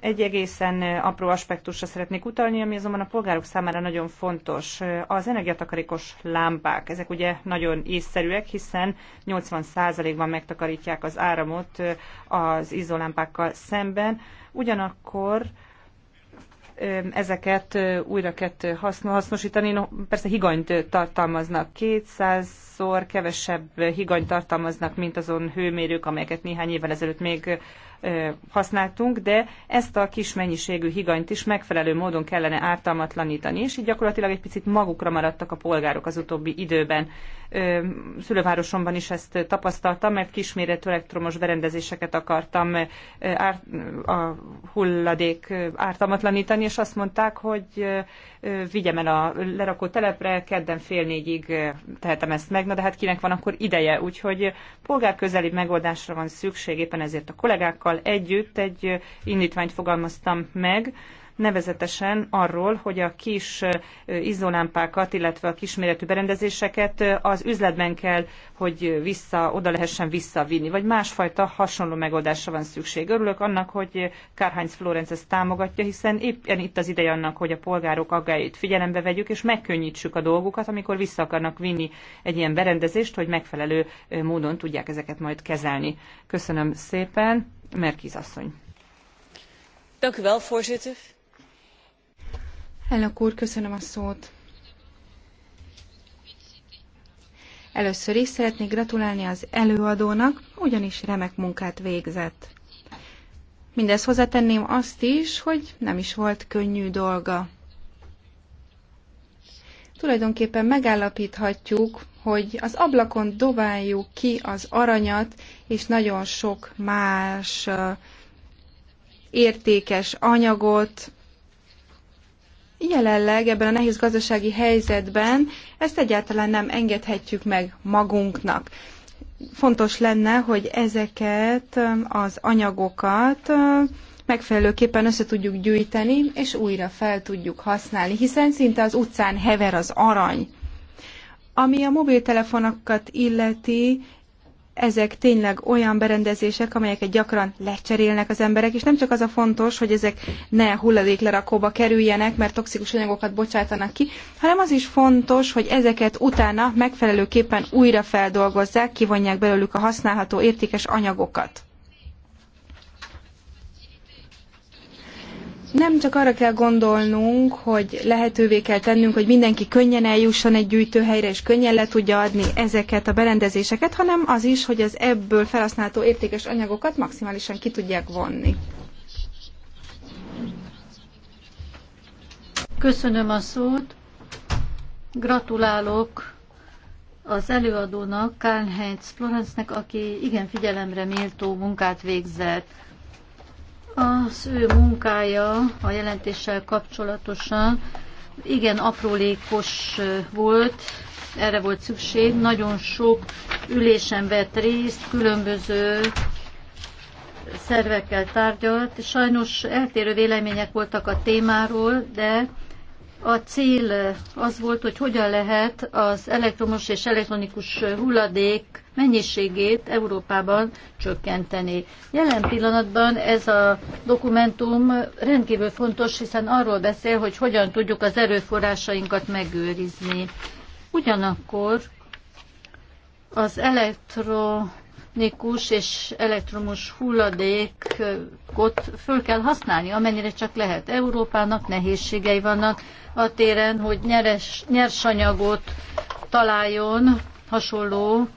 S2: egy egészen apró aspektusra szeretnék utalni, ami azonban a polgárok számára nagyon fontos. Az energiatakarékos lámpák, ezek ugye nagyon észszerűek, hiszen 80%-ban megtakarítják az áramot az izolámpákkal szemben, ugyanakkor ezeket újra kell hasznosítani. No, persze higanyt tartalmaznak, 200-szor kevesebb higanyt tartalmaznak, mint azon hőmérők, amelyeket néhány évvel ezelőtt még használtunk, de ezt a kis mennyiségű higanyt is megfelelő módon kellene ártalmatlanítani, és így gyakorlatilag egy picit magukra maradtak a polgárok az utóbbi időben. Szülővárosomban is ezt tapasztaltam, mert kisméretű elektromos berendezéseket akartam a hulladék ártalmatlanítani, és azt mondták, hogy vigyem el a lerakó telepre, kedden fél négyig tehetem ezt meg, na de hát kinek van akkor ideje, úgyhogy polgárközeli megoldásra van szükség, éppen ezért a kollégákkal együtt egy indítványt fogalmaztam meg, nevezetesen arról, hogy a kis izzólámpákat, illetve a kisméretű berendezéseket az üzletben kell, hogy vissza, oda lehessen visszavinni, vagy másfajta hasonló megoldásra van szükség. Örülök annak, hogy Kárhányz Florence ezt támogatja, hiszen éppen itt az ideje annak, hogy a polgárok aggályait figyelembe vegyük, és megkönnyítsük a dolgukat, amikor vissza akarnak vinni egy ilyen berendezést, hogy megfelelő módon tudják ezeket majd kezelni. Köszönöm szépen, Merkiz asszony. Dank u wel, voorzitter.
S4: Elnök úr, köszönöm a szót. Először is szeretnék gratulálni az előadónak, ugyanis remek munkát végzett. Mindez hozzátenném azt is, hogy nem is volt könnyű dolga. Tulajdonképpen megállapíthatjuk, hogy az ablakon dobáljuk ki az aranyat, és nagyon sok más értékes anyagot, Jelenleg ebben a nehéz gazdasági helyzetben ezt egyáltalán nem engedhetjük meg magunknak. Fontos lenne, hogy ezeket az anyagokat megfelelőképpen össze tudjuk gyűjteni, és újra fel tudjuk használni, hiszen szinte az utcán hever az arany. Ami a mobiltelefonokat illeti, ezek tényleg olyan berendezések, amelyeket gyakran lecserélnek az emberek, és nem csak az a fontos, hogy ezek ne hulladéklerakóba kerüljenek, mert toxikus anyagokat bocsátanak ki, hanem az is fontos, hogy ezeket utána megfelelőképpen újra feldolgozzák, kivonják belőlük a használható értékes anyagokat. nem csak arra kell gondolnunk, hogy lehetővé kell tennünk, hogy mindenki könnyen eljusson egy gyűjtőhelyre, és könnyen le tudja adni ezeket a berendezéseket, hanem az is, hogy az ebből felhasználható értékes anyagokat maximálisan
S1: ki tudják vonni. Köszönöm a szót. Gratulálok az előadónak, Karl Heinz Florencnek, aki igen figyelemre méltó munkát végzett. Az ő munkája a jelentéssel kapcsolatosan igen aprólékos volt, erre volt szükség. Nagyon sok ülésen vett részt, különböző szervekkel tárgyalt. Sajnos eltérő vélemények voltak a témáról, de a cél az volt, hogy hogyan lehet az elektromos és elektronikus hulladék mennyiségét Európában csökkenteni. Jelen pillanatban ez a dokumentum rendkívül fontos, hiszen arról beszél, hogy hogyan tudjuk az erőforrásainkat megőrizni. Ugyanakkor az elektronikus és elektromos hulladékot föl kell használni, amennyire csak lehet. Európának nehézségei vannak a téren, hogy nyeres, nyersanyagot találjon hasonló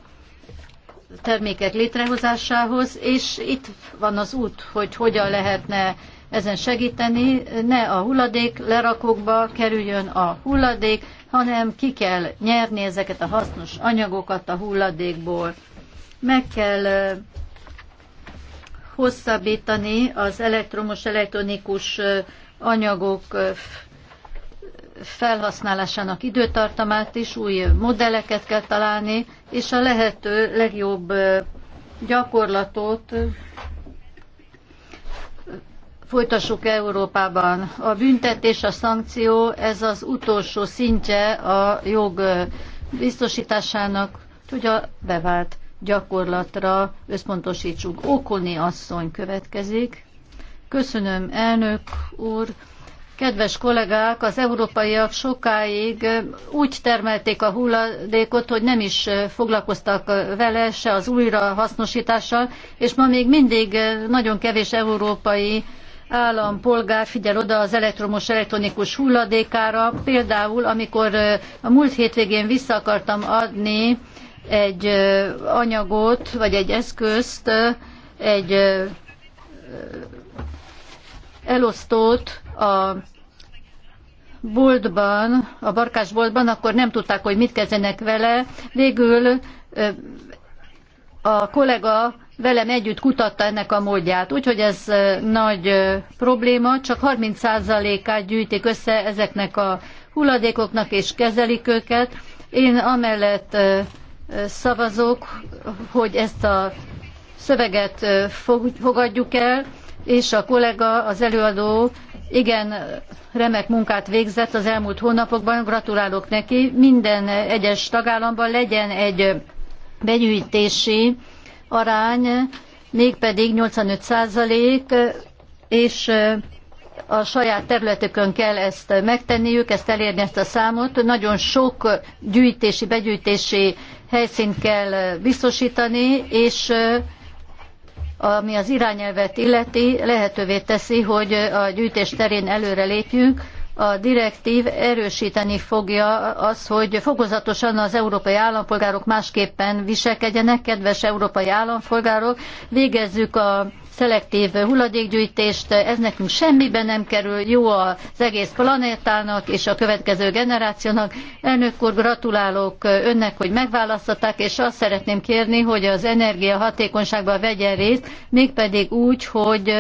S1: termékek létrehozásához, és itt van az út, hogy hogyan lehetne ezen segíteni, ne a hulladék lerakókba kerüljön a hulladék, hanem ki kell nyerni ezeket a hasznos anyagokat a hulladékból. Meg kell hosszabbítani az elektromos, elektronikus anyagok felhasználásának időtartamát is, új modelleket kell találni, és a lehető legjobb gyakorlatot folytassuk Európában. A büntetés, a szankció, ez az utolsó szintje a jog biztosításának, hogy a bevált gyakorlatra összpontosítsuk. Okoni asszony következik. Köszönöm, elnök úr. Kedves kollégák, az európaiak sokáig úgy termelték a hulladékot, hogy nem is foglalkoztak vele, se az újrahasznosítással, és ma még mindig nagyon kevés európai állampolgár figyel oda az elektromos elektronikus hulladékára. Például, amikor a múlt hétvégén vissza akartam adni egy anyagot, vagy egy eszközt, egy elosztót, a boltban, a barkásboltban, akkor nem tudták, hogy mit kezdenek vele. Végül a kollega velem együtt kutatta ennek a módját. Úgyhogy ez nagy probléma, csak 30%-át gyűjtik össze ezeknek a hulladékoknak, és kezelik őket. Én amellett szavazok, hogy ezt a szöveget fogadjuk el, és a kollega, az előadó igen remek munkát végzett az elmúlt hónapokban, gratulálok neki. Minden egyes tagállamban legyen egy begyűjtési arány, mégpedig 85 százalék, és eh, a saját területükön kell ezt megtenniük, ezt elérni ezt a számot. Nagyon sok gyűjtési, begyűjtési helyszínt kell eh, biztosítani, és eh, ami az irányelvet illeti, lehetővé teszi, hogy a gyűjtés terén előre lépjünk. A direktív erősíteni fogja az, hogy fokozatosan az európai állampolgárok másképpen viselkedjenek, kedves európai állampolgárok, végezzük a szelektív hulladékgyűjtést, ez nekünk semmibe nem kerül, jó az egész planétának és a következő generációnak. Elnök úr, gratulálok önnek, hogy megválasztották, és azt szeretném kérni, hogy az energia hatékonyságban vegyen részt, mégpedig úgy, hogy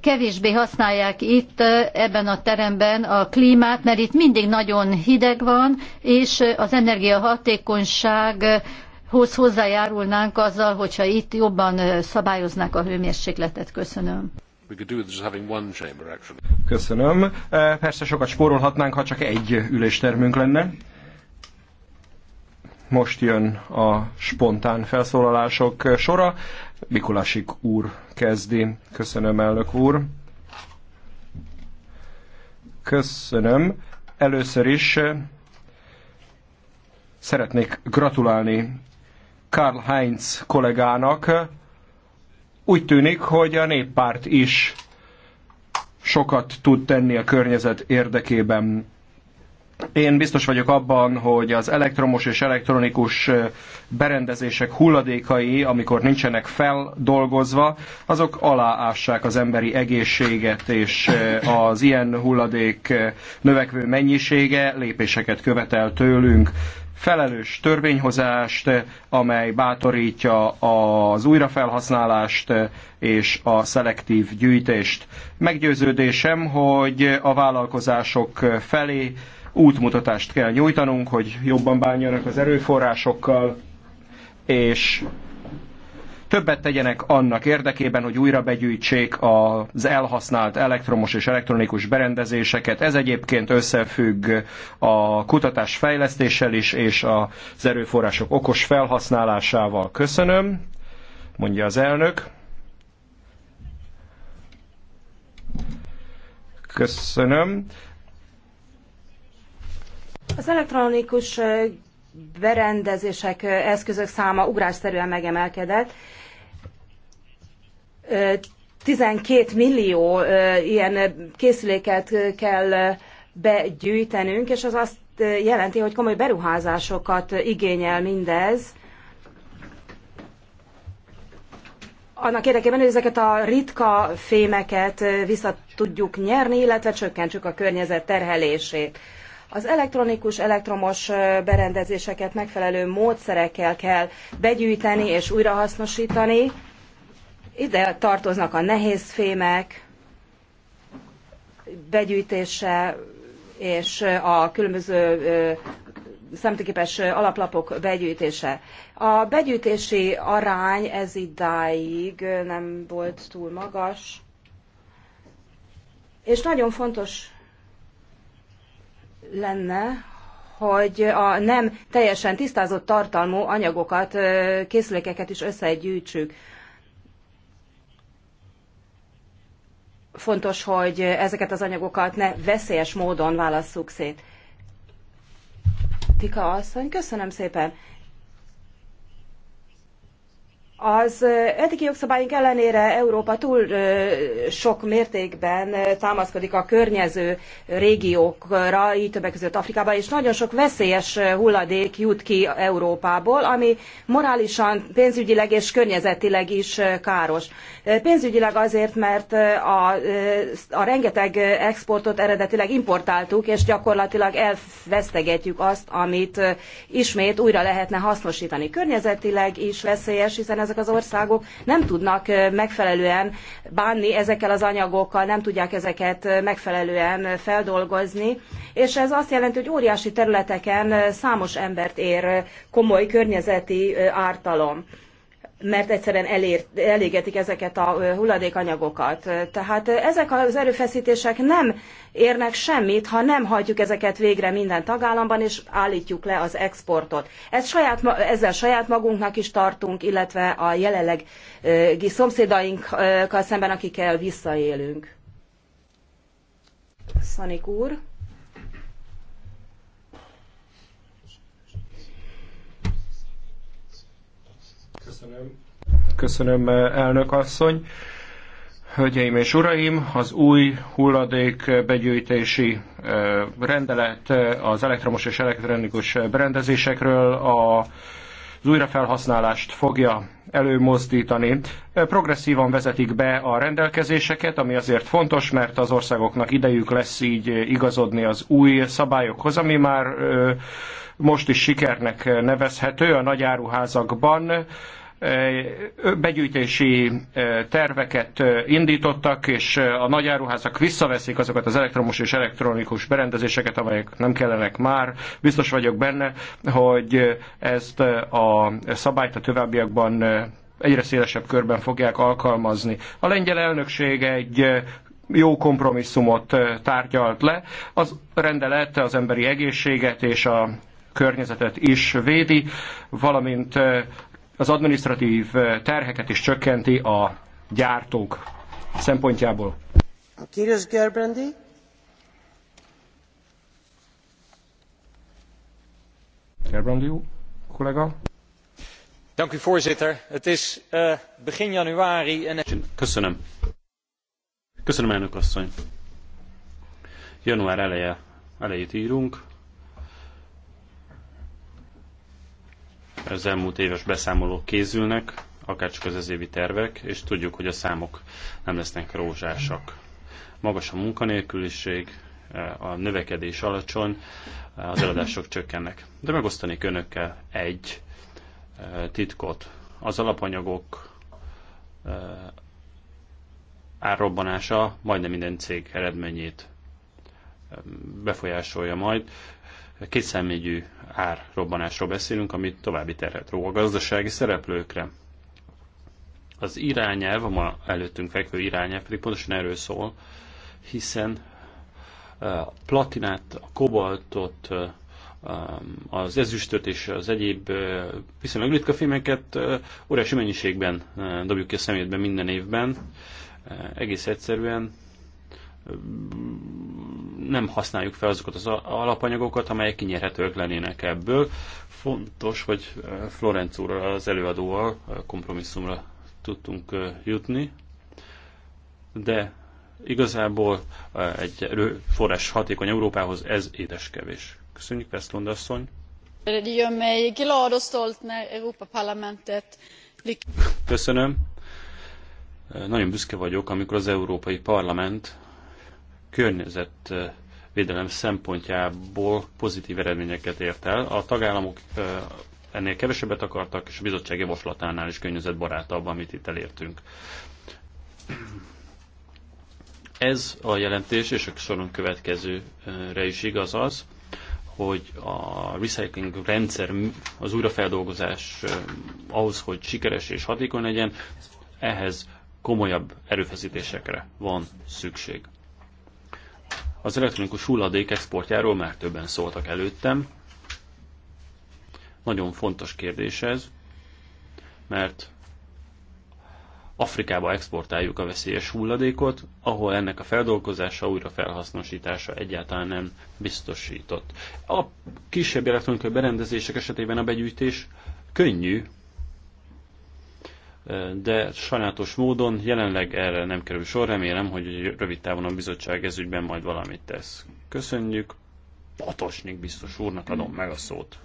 S1: kevésbé használják itt ebben a teremben a klímát, mert itt mindig nagyon hideg van, és az energiahatékonyság hoz hozzájárulnánk azzal, hogyha itt jobban szabályoznák a hőmérsékletet. Köszönöm.
S5: Köszönöm. Persze sokat spórolhatnánk, ha csak egy üléstermünk lenne. Most jön a spontán felszólalások sora. Mikulásik úr kezdi. Köszönöm, elnök úr. Köszönöm. Először is szeretnék gratulálni Karl Heinz kollégának. Úgy tűnik, hogy a néppárt is sokat tud tenni a környezet érdekében. Én biztos vagyok abban, hogy az elektromos és elektronikus berendezések hulladékai, amikor nincsenek feldolgozva, azok aláássák az emberi egészséget, és az ilyen hulladék növekvő mennyisége lépéseket követel tőlünk felelős törvényhozást, amely bátorítja az újrafelhasználást és a szelektív gyűjtést. Meggyőződésem, hogy a vállalkozások felé útmutatást kell nyújtanunk, hogy jobban bánjanak az erőforrásokkal, és többet tegyenek annak érdekében, hogy újra begyűjtsék az elhasznált elektromos és elektronikus berendezéseket. Ez egyébként összefügg a kutatás fejlesztéssel is, és az erőforrások okos felhasználásával. Köszönöm, mondja az elnök. Köszönöm.
S6: Az elektronikus berendezések, eszközök száma ugrásszerűen megemelkedett. 12 millió ilyen készüléket kell begyűjtenünk, és az azt jelenti, hogy komoly beruházásokat igényel mindez. Annak érdekében, hogy ezeket a ritka fémeket vissza tudjuk nyerni, illetve csökkentsük a környezet terhelését. Az elektronikus, elektromos berendezéseket megfelelő módszerekkel kell begyűjteni és újrahasznosítani ide tartoznak a nehézfémek, begyűjtése és a különböző szemtőképes alaplapok begyűjtése. A begyűjtési arány ez idáig nem volt túl magas, és nagyon fontos lenne, hogy a nem teljesen tisztázott tartalmú anyagokat, készülékeket is összegyűjtsük. fontos, hogy ezeket az anyagokat ne veszélyes módon válasszuk szét. Tika asszony, köszönöm szépen. Az etiki jogszabályunk ellenére Európa túl sok mértékben támaszkodik a környező régiókra, így többek között Afrikába, és nagyon sok veszélyes hulladék jut ki Európából, ami morálisan, pénzügyileg és környezetileg is káros. Pénzügyileg azért, mert a, a rengeteg exportot eredetileg importáltuk, és gyakorlatilag elvesztegetjük azt, amit ismét újra lehetne hasznosítani. Környezetileg is veszélyes, hiszen ezek ezek az országok nem tudnak megfelelően bánni ezekkel az anyagokkal, nem tudják ezeket megfelelően feldolgozni, és ez azt jelenti, hogy óriási területeken számos embert ér komoly környezeti ártalom mert egyszerűen elér, elégetik ezeket a hulladékanyagokat. Tehát ezek az erőfeszítések nem érnek semmit, ha nem hagyjuk ezeket végre minden tagállamban, és állítjuk le az exportot. Ez saját, ezzel saját magunknak is tartunk, illetve a jelenlegi szomszédainkkal szemben, akikkel visszaélünk. Szanik
S5: úr. Köszönöm. Köszönöm, elnök asszony. Hölgyeim és uraim, az új hulladék begyűjtési rendelet az elektromos és elektronikus berendezésekről a az újrafelhasználást fogja előmozdítani. Progresszívan vezetik be a rendelkezéseket, ami azért fontos, mert az országoknak idejük lesz így igazodni az új szabályokhoz, ami már most is sikernek nevezhető a nagy áruházakban begyűjtési terveket indítottak, és a nagyáruházak visszaveszik azokat az elektromos és elektronikus berendezéseket, amelyek nem kellenek már. Biztos vagyok benne, hogy ezt a szabályt a továbbiakban egyre szélesebb körben fogják alkalmazni. A lengyel elnökség egy jó kompromisszumot tárgyalt le. Az rendelet az emberi egészséget és a környezetet is védi, valamint az administratív eh, terheket is csökkenti a gyártók szempontjából.
S1: A kíros Gerbrandi.
S5: Gerbrandi kollega. Dank u voorzitter. Het is uh, begin januari en...
S3: Köszönöm. Köszönöm elnök asszony. Január eleje, elejét írunk, az elmúlt éves beszámolók készülnek, akárcsak az ezévi tervek, és tudjuk, hogy a számok nem lesznek rózsásak. Magas a munkanélküliség, a növekedés alacsony, az eladások csökkennek. De megosztanék önökkel egy titkot. Az alapanyagok árrobbanása majdnem minden cég eredményét befolyásolja majd kétszemélyű árrobbanásról beszélünk, ami további terhet ró a gazdasági szereplőkre. Az irányelv, a ma előttünk fekvő irányelv pedig pontosan erről szól, hiszen a platinát, a kobaltot, az ezüstöt és az egyéb viszonylag ritka fémeket óriási mennyiségben dobjuk ki a szemétbe minden évben. Egész egyszerűen nem használjuk fel azokat az alapanyagokat, amelyek kinyerhetők lennének ebből. Fontos, hogy eh, Florenc úr az előadóval eh, kompromisszumra tudtunk eh, jutni, de igazából egy forrás hatékony Európához ez édeskevés. Köszönjük, Veszlund asszony! Köszönöm. Nagyon büszke vagyok, amikor az Európai Parlament környezetvédelem szempontjából pozitív eredményeket ért el. A tagállamok ennél kevesebbet akartak, és a bizottság javaslatánál is környezetbarátabb, amit itt elértünk. Ez a jelentés, és a soron következőre is igaz az, hogy a recycling rendszer, az újrafeldolgozás ahhoz, hogy sikeres és hatékony legyen, ehhez komolyabb erőfeszítésekre van szükség. Az elektronikus hulladék exportjáról már többen szóltak előttem. Nagyon fontos kérdés ez, mert Afrikába exportáljuk a veszélyes hulladékot, ahol ennek a feldolgozása, újra felhasznosítása egyáltalán nem biztosított. A kisebb elektronikai berendezések esetében a begyűjtés könnyű, de sajnálatos módon jelenleg erre nem kerül sor, remélem, hogy rövid távon a bizottság ezügyben majd valamit tesz. Köszönjük, Patosnik biztos úrnak adom meg a szót.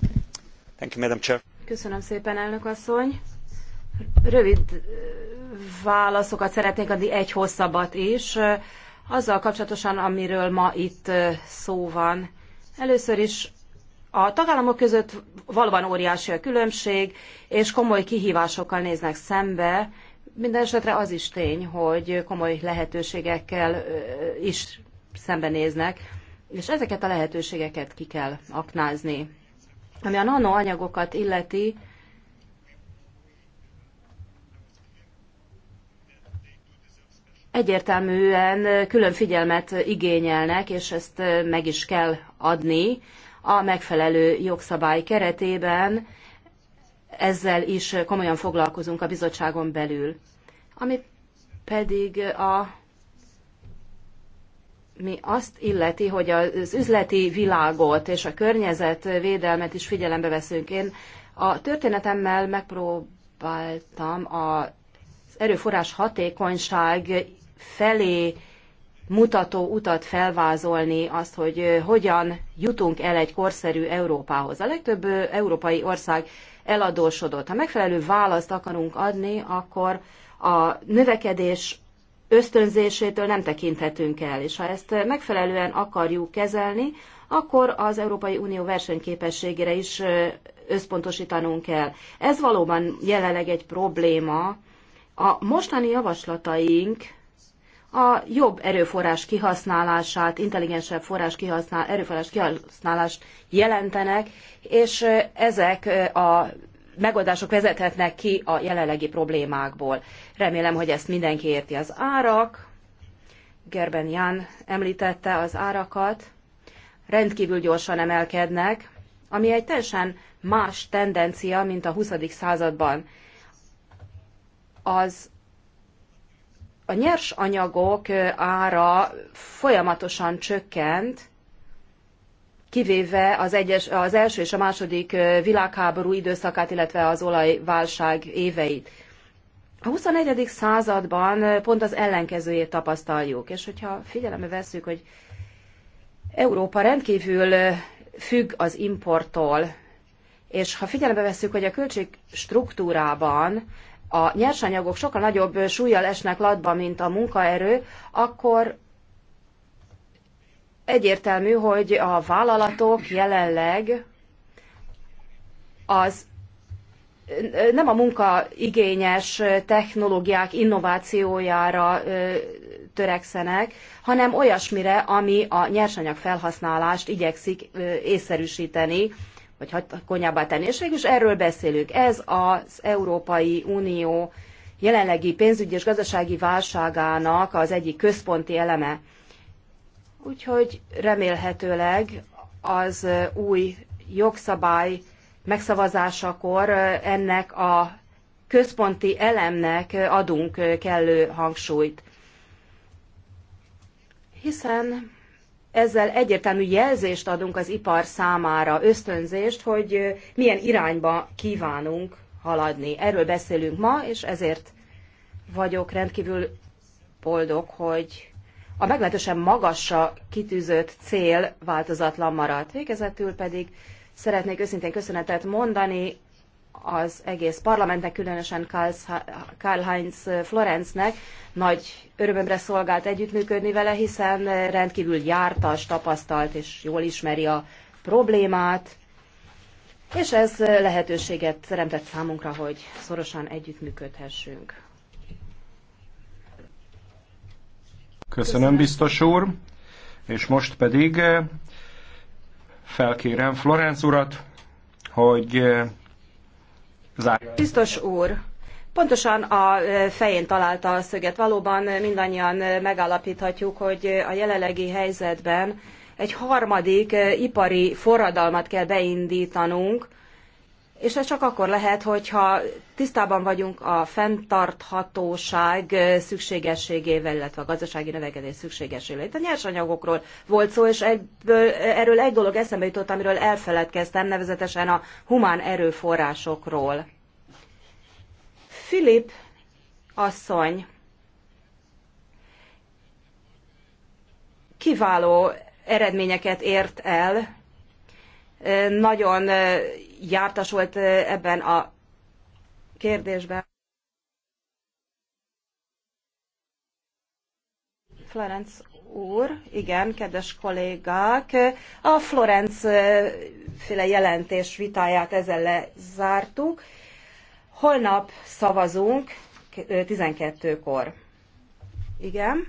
S3: Thank you, Madam Chair.
S6: Köszönöm szépen, elnök asszony. Rövid válaszokat szeretnék adni, egy hosszabbat is. Azzal kapcsolatosan, amiről ma itt szó van. Először is a tagállamok között valóban óriási a különbség, és komoly kihívásokkal néznek szembe. Mindenesetre az is tény, hogy komoly lehetőségekkel is szembenéznek, és ezeket a lehetőségeket ki kell aknázni. Ami a nanoanyagokat illeti, egyértelműen külön figyelmet igényelnek, és ezt meg is kell adni a megfelelő jogszabály keretében. Ezzel is komolyan foglalkozunk a bizottságon belül. Ami pedig a mi azt illeti, hogy az üzleti világot és a környezetvédelmet is figyelembe veszünk. Én a történetemmel megpróbáltam az erőforrás hatékonyság felé mutató utat felvázolni azt, hogy hogyan jutunk el egy korszerű Európához. A legtöbb európai ország eladósodott. Ha megfelelő választ akarunk adni, akkor a növekedés ösztönzésétől nem tekinthetünk el, és ha ezt megfelelően akarjuk kezelni, akkor az Európai Unió versenyképességére is összpontosítanunk kell. Ez valóban jelenleg egy probléma. A mostani javaslataink a jobb erőforrás kihasználását, intelligensebb forrás kihasznál, erőforrás kihasználást jelentenek, és ezek a megoldások vezethetnek ki a jelenlegi problémákból. Remélem, hogy ezt mindenki érti. Az árak, Gerben Ján említette az árakat, rendkívül gyorsan emelkednek, ami egy teljesen más tendencia, mint a 20. században. Az a nyers anyagok ára folyamatosan csökkent, kivéve az, egyes, az első és a második világháború időszakát, illetve az olajválság éveit. A XXI. században pont az ellenkezőjét tapasztaljuk, és hogyha figyelembe vesszük, hogy Európa rendkívül függ az importtól, és ha figyelembe vesszük, hogy a költség struktúrában a nyersanyagok sokkal nagyobb súlyjal esnek latba, mint a munkaerő, akkor egyértelmű, hogy a vállalatok jelenleg az nem a munkaigényes technológiák innovációjára törekszenek, hanem olyasmire, ami a nyersanyag felhasználást igyekszik észszerűsíteni vagy hatékonyabbá tenni. És is erről beszélünk. Ez az Európai Unió jelenlegi pénzügyi és gazdasági válságának az egyik központi eleme. Úgyhogy remélhetőleg az új jogszabály megszavazásakor ennek a központi elemnek adunk kellő hangsúlyt. Hiszen ezzel egyértelmű jelzést adunk az ipar számára, ösztönzést, hogy milyen irányba kívánunk haladni. Erről beszélünk ma, és ezért vagyok rendkívül boldog, hogy a meglehetősen magasra kitűzött cél változatlan maradt. Végezetül pedig szeretnék őszintén köszönetet mondani az egész parlamentnek, különösen Karl-Heinz Florencnek nagy örömömre szolgált együttműködni vele, hiszen rendkívül jártas, tapasztalt és jól ismeri a problémát, és ez lehetőséget teremtett számunkra, hogy szorosan együttműködhessünk.
S5: Köszönöm, biztos úr. És most pedig eh, felkérem Florenc urat, hogy eh, Biztos úr,
S6: pontosan a fején találta a szöget. Valóban mindannyian megállapíthatjuk, hogy a jelenlegi helyzetben egy harmadik ipari forradalmat kell beindítanunk, és ez csak akkor lehet, hogyha tisztában vagyunk a fenntarthatóság szükségességével, illetve a gazdasági növekedés szükségességével. Itt a nyersanyagokról volt szó, és egyből, erről egy dolog eszembe jutott, amiről elfeledkeztem, nevezetesen a humán erőforrásokról. Filip asszony kiváló eredményeket ért el nagyon jártas volt ebben a kérdésben. Florence úr, igen, kedves kollégák, a Florence féle jelentés vitáját ezzel lezártuk. Holnap szavazunk 12-kor. Igen.